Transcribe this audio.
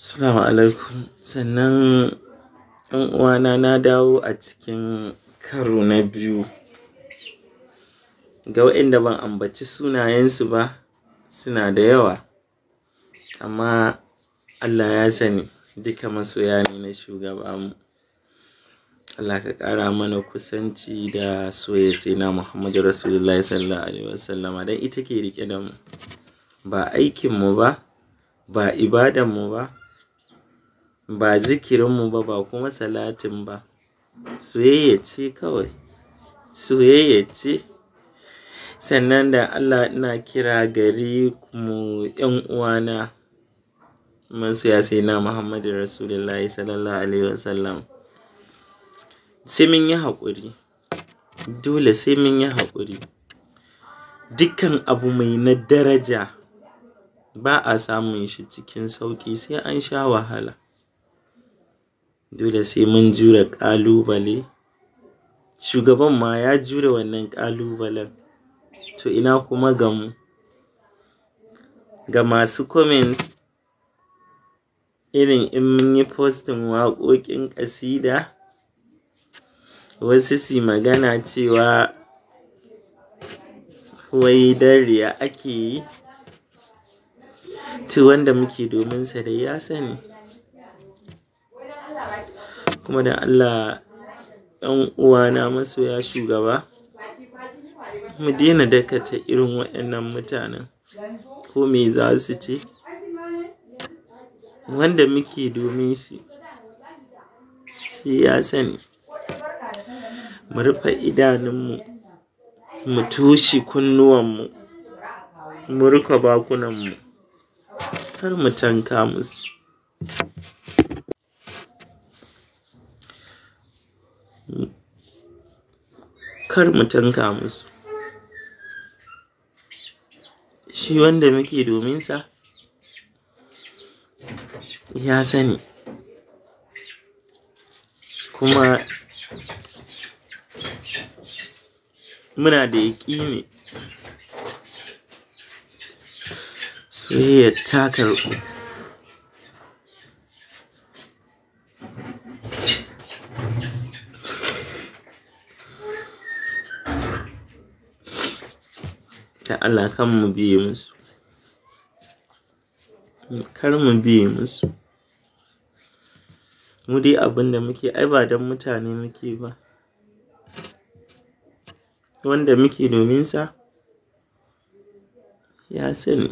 Assalamu alaikum. Sannan ‘yan uwana na dawo a cikin karo na biyu. Ga waɗanda ban ambaci sunayensu ba suna da yawa, amma Allah ya sani duka masoya ne na shugabanmu. Allah ka ƙara mana kusanci da soyayya, sai na Muhammadu Rasulullahi sallallahu Alaihi wasallama don ita ke riƙe da mu. Ba aikinmu ba, ba mu ba, ba zikirinmu ba ba kuma salatin ba soyayya ce kawai soyayya ce sannan da allah ina kira gari mu yan uwana ya sai na muhammadu rasulullahi sallallahu alaihi wasallam sai mun yi haƙuri dole sai mun yi haƙuri dukkan abu mai na daraja ba a samun shi cikin sauƙi sai an sha wahala dole sai mun jure ƙalubale. Shugaban ma ya jure wannan ƙalubalen. To ina kuma ga Ga masu comment irin in mun yi postin waƙoƙin ƙasida, wasu su magana cewa wai dariya ake yi. ci wanda muke domin sa da ya sani. kuma da Allah ‘yan uwana masoya shugaba mu daina dakata irin waɗannan mutanen ko me za su ce wanda muke domin shi shi ya sani mu rufe idanunmu mu toshe kunnuwanmu mu rufe bakunanmu har mu tanka musu kar mu tanka musu shi wanda muke domin sa ya sani kuma muna da ƙime soyayyar ta ta Allah kan mu biye musu kar mu biye musu mu dai abin da muke ai ba don mutane muke ba wanda muke domin sa ya sani